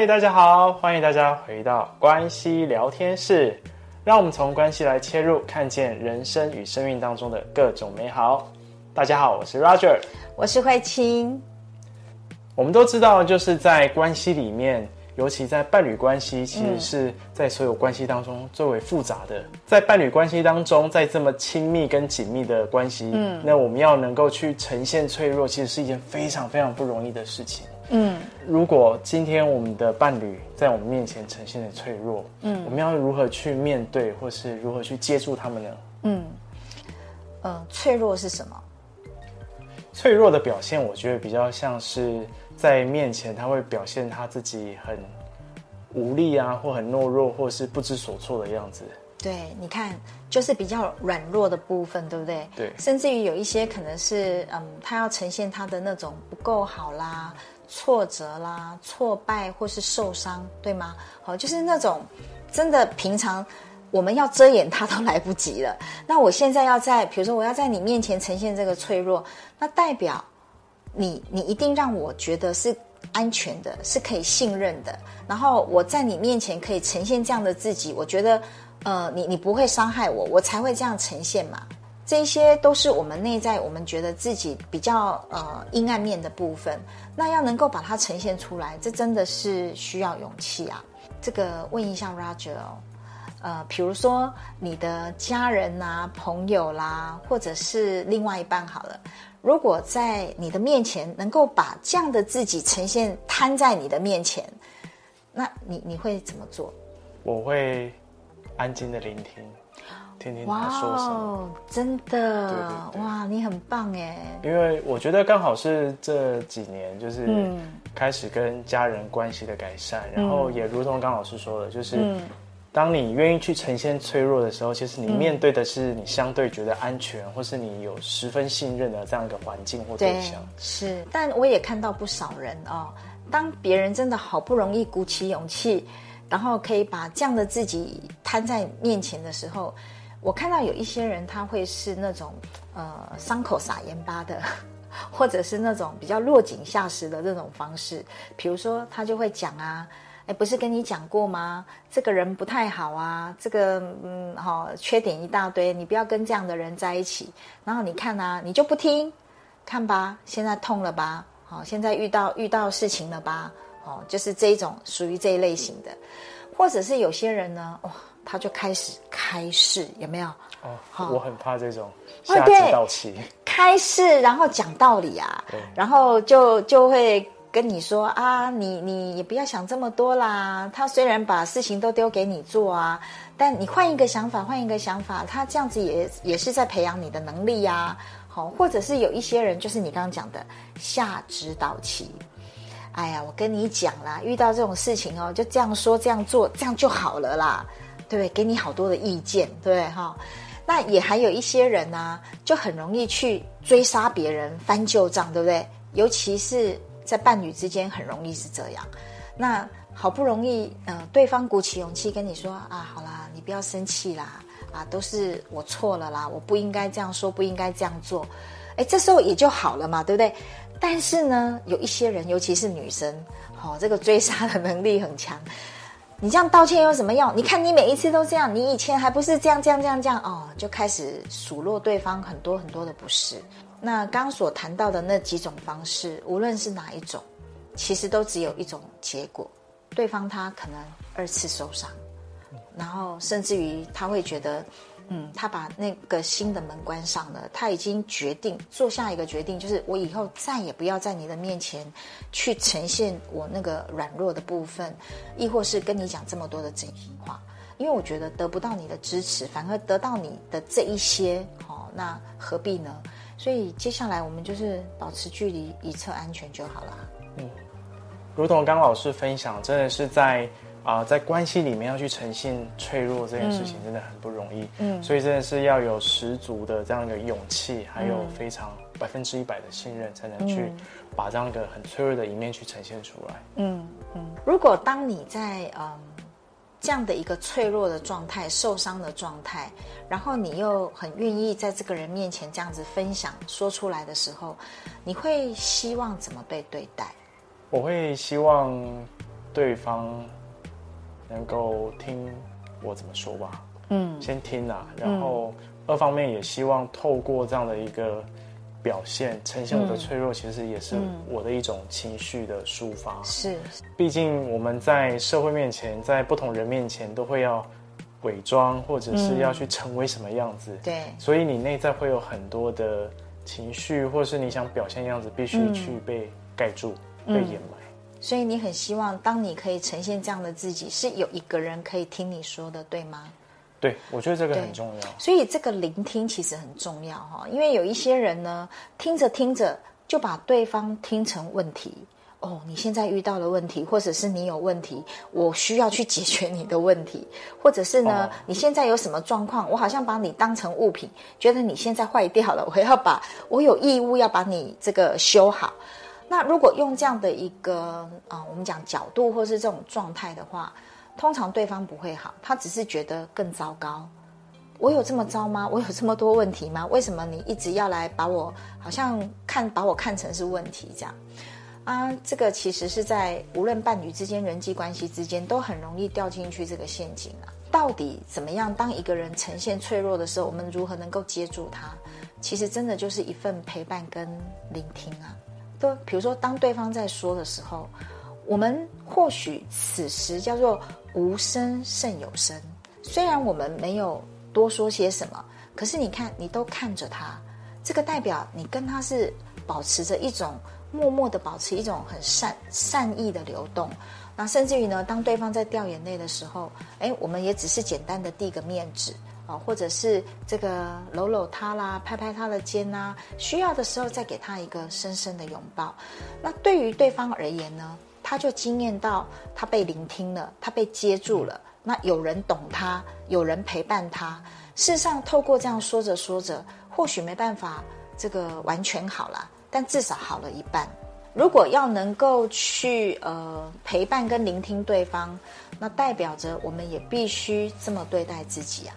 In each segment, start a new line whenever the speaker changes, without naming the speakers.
嘿，hey, 大家好，歡迎大家回到關係聊天室。讓我們從關係來切入，看見人生與生命當中的各種美好。大家好，我是 Roger，
我是慧卿。
我們都知道，就是在關係裡面，尤其在伴侶關係，其實是在所有關係當中最為複雜的。嗯、在伴侶關係當中，在這麼親密跟緊密的關係，嗯，那我們要能夠去呈現脆弱，其實是一件非常非常不容易的事情。嗯，如果今天我們的伴侶在我們面前呈現的脆弱，嗯，我們要如何去面對，或是如何去接住他們呢？嗯，
呃，脆弱是什麼？
脆弱的表現，我覺得比較像是在面前他會表現他自己很無力啊，或很懦弱，或是不知所措的樣子。
對，你看，就是比較軟弱的部分，對不對？對，甚至於有一些可能是，嗯，他要呈現他的那種不夠好啦。挫折啦，挫敗或是受傷，對嗎？好，就是那種真的平常我們要遮掩它都來不及了。那我現在要在，比如說我要在你面前呈現這個脆弱，那代表你你一定讓我覺得是安全的，是可以信任的。然後我在你面前可以呈現這樣的自己，我覺得呃，你你不會傷害我，我才會這樣呈現嘛。這些都是我們內在，我們覺得自己比較呃陰暗面的部分。那要能夠把它呈現出來，這真的是需要勇氣啊！這個問一下 Roger 哦，呃，比如說你的家人啊、朋友啦，或者是另外一半好了，如果在你的面前能夠把這樣的自己呈現，攤在你的面前，那你你會怎麼做？
我會。安靜的聆聽，聽聽他說什麼。Wow,
真的，哇，wow, 你很棒耶！
因為我覺得剛好是這幾年，就是開始跟家人關係的改善，嗯、然後也如同剛老師說的，就是當你願意去呈現脆弱的時候，嗯、其實你面對的是你相對覺得安全，嗯、或是你有十分信任的這樣一個環境或對象。
對，是，但我也看到不少人哦，當別人真的好不容易鼓起勇氣。然後可以把這樣的自己攤在面前的時候，我看到有一些人他會是那種，呃，傷口撒鹽巴的，或者是那種比較落井下石的這種方式。比如說，他就會講啊，哎，不是跟你講過嗎？這個人不太好啊，這個嗯，好、哦，缺點一大堆，你不要跟這樣的人在一起。然後你看啊，你就不聽，看吧，現在痛了吧？好、哦，現在遇到遇到事情了吧？哦、就是這一種屬於這一類型的，或者是有些人呢，哇、哦，他就開始開示，有沒有？
呃、哦，我很怕這種下指導棋，哦。
開始然後講道理啊，對然後就就會跟你說啊，你你也不要想這麼多啦。他雖然把事情都丟給你做啊，但你換一個想法，換一個想法，他這樣子也也是在培養你的能力啊。好、哦，或者是有一些人，就是你剛剛講的下指導棋。哎呀，我跟你講啦，遇到這種事情哦，就這樣說、這樣做，這樣就好了啦，對不對？給你好多的意見，對不對哈？那也還有一些人呢、啊，就很容易去追殺別人、翻舊賬，對不對？尤其是在伴侶之間，很容易是這樣。那好不容易，嗯、呃，對方鼓起勇氣跟你說啊，好啦，你不要生氣啦，啊，都是我錯了啦，我不應該這樣說，不應該這樣做。哎，這時候也就好了嘛，對不對？但是呢，有一些人，尤其是女生，哦，這個追殺的能力很強。你這樣道歉有什麼用？你看你每一次都這樣，你以前還不是這樣這樣這樣這樣哦，就開始數落對方很多很多的不是。那剛所談到的那幾種方式，無論是哪一種，其實都只有一種結果：對方他可能二次受傷，然後甚至於他會覺得。嗯，他把那個新的門關上了，他已經決定做下一個決定，就是我以後再也不要在你的面前去呈現我那個軟弱的部分，亦或是跟你講這麼多的真心話，因為我覺得得不到你的支持，反而得到你的這一些，哦，那何必呢？所以接下來我們就是保持距離，以策安全就好
了。嗯，如同剛剛老師分享，真的是在。啊、呃，在關係裡面要去呈現脆弱這件事情真的很不容易，嗯，嗯，所以真的是要有十足的這樣一個勇氣，嗯、還有非常百分之一百的信任，才能去把這樣一個很脆弱的一面去呈現出來。嗯
嗯，嗯嗯，如果當你在嗯，這樣的一個脆弱的狀態、受傷的狀態，然後你又很願意在這個人面前這樣子分享、說出來的時候，你會希望怎麼被對待？
我會希望對方。能夠聽我怎麼說吧，嗯，先聽啊，然後二方面也希望透過這樣的一個表現，呈現我的脆弱，其實也是我的一種情緒的抒發。是，畢竟我們在社會面前，在不同人面前都會要偽裝，或者是要去成為什麼樣子。對，所以你內在會有很多的情緒，或是你想表現的樣子，必須去被蓋住，被掩埋。
所以你很希望，當你可以呈現這樣的自己，是有一個人可以聽你說的，對嗎？
對，我覺得這個很重要。
所以這個聆聽其實很重要哈，因為有一些人呢，聽着聽着就把對方聽成問題哦。你現在遇到了問題，或者是你有問題，我需要去解決你的問題，或者是呢，哦，你現在有什麼狀況，我好像把你當成物品，覺得你現在壞掉了，我要把我有義務要把你這個修好。那如果用這樣的一個啊、嗯，我們講角度或是這種狀態的話，通常對方不會好，他只是覺得更糟糕。我有這麼糟嗎？我有這麼多問題嗎？為什麼你一直要來把我好像看把我看成是問題這樣？啊，這個其實是在無論伴侶之間、人際關係之間都很容易掉進去這個陷阱啊。到底怎麼樣？當一個人呈現脆弱的時候，我們如何能夠接住他？其實真的就是一份陪伴跟聆聽啊。都，比如說，當對方在說的時候，我們或許此時叫做無聲勝有聲。雖然我們沒有多說些什麽，可是你看，你都看着他，這個代表你跟他是保持着一種默默的，保持一種很善善意的流動。那甚至於呢，當對方在掉眼淚的時候，哎，我們也只是簡單的遞個面子，或者是這個摟摟他啦，拍拍他的肩吶、啊，需要的時候再給他一個深深的擁抱。那對於對方而言呢，他就經驗到他被聆聽了，他被接住了。那有人懂他，有人陪伴他。事實上，透過這樣說着說着，或許沒辦法這個完全好了，但至少好了一半。如果要能夠去呃陪伴跟聆聽對方，那代表着我們也必須這麼對待自己啊。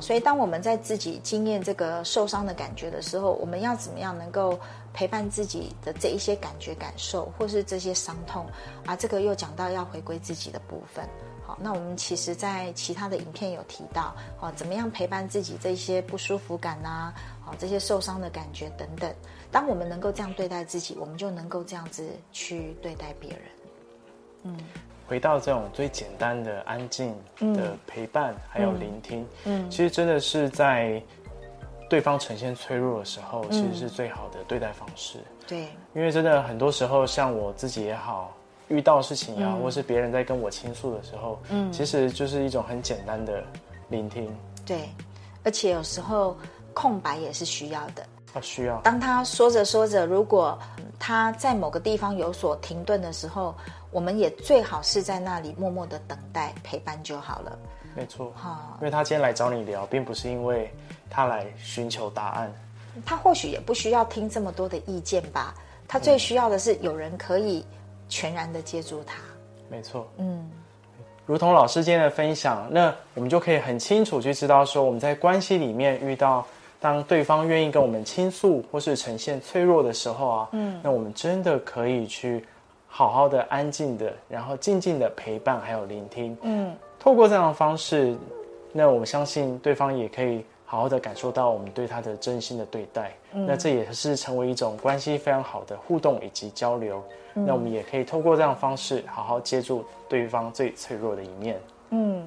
所以，當我們在自己經驗這個受傷的感覺的時候，我們要怎麼樣能夠陪伴自己的這一些感覺、感受，或是這些傷痛啊？這個又講到要回歸自己的部分。好，那我們其實在其他的影片有提到，好，怎麼樣陪伴自己這一些不舒服感啊，好，這些受傷的感覺等等。當我們能夠這樣對待自己，我們就能夠這樣子去對待別人。嗯。
回到這種最簡單的、安靜的陪伴，嗯，還有聆聽，嗯，其實真的是在對方呈現脆弱的時候，嗯，其實是最好的對待方式。
對，
因為真的很多時候，像我自己也好，遇到事情也好，嗯，或是別人在跟我傾訴的時候，嗯，其實就是一種很簡單的聆聽。
對，而且有時候空白也是需要的。
啊，需要。當
他說着說着，如果他在某個地方有所停頓的時候，我們也最好是在那裡默默的等待陪伴就好了。沒錯，因
為他今天來找你聊，並不是因為他來尋求答案，
他或許也不需要聽這麼多的意見吧？他最需要的是有人可以全然的接住他。
沒錯，嗯，如同老師今天的分享，那我們就可以很清楚去知道說，我們在關係裡面遇到。當對方願意跟我們傾訴，或是呈現脆弱的時候啊，嗯，那我們真的可以去好好的、安靜的，然後靜靜的陪伴，還有聆聽，嗯，透過這樣的方式，那我們相信對方也可以好好的感受到我們對他的真心的對待，嗯、那這也是成為一種關係非常好的互動以及交流，嗯、那我們也可以透過這樣的方式，好好接住對方最脆弱的一面，嗯。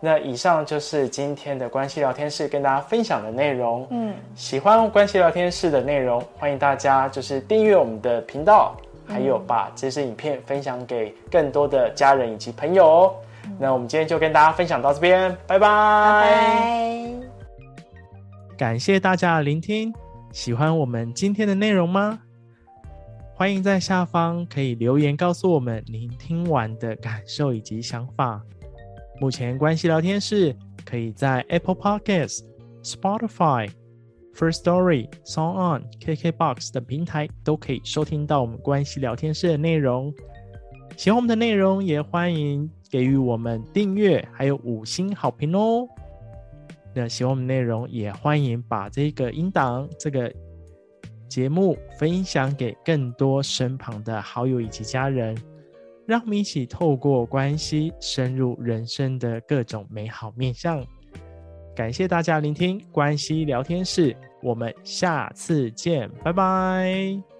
那以上就是今天的關係聊天室跟大家分享的內容。嗯，喜歡關係聊天室的內容，歡迎大家就是訂閱我們的頻道，嗯、還有把這些影片分享給更多的家人以及朋友哦。嗯、那我們今天就跟大家分享到這邊，拜拜。拜拜。感謝大家的聆聽，喜歡我們今天的內容嗎？歡迎在下方可以留言告訴我們您聽完的感受以及想法。目前關係聊天室可以在 Apple Podcast、Spotify、First Story、Song On、KKBOX 等平台都可以收聽到我們關係聊天室的內容。喜歡我們的內容，也歡迎給予我們訂閱，還有五星好評哦。那喜歡我們的內容，也歡迎把這個音檔、這個節目分享給更多身旁的好友以及家人。讓我們一起透過關係深入人生的各種美好面向。感謝大家聆聽關係聊天室，我們下次見，拜拜。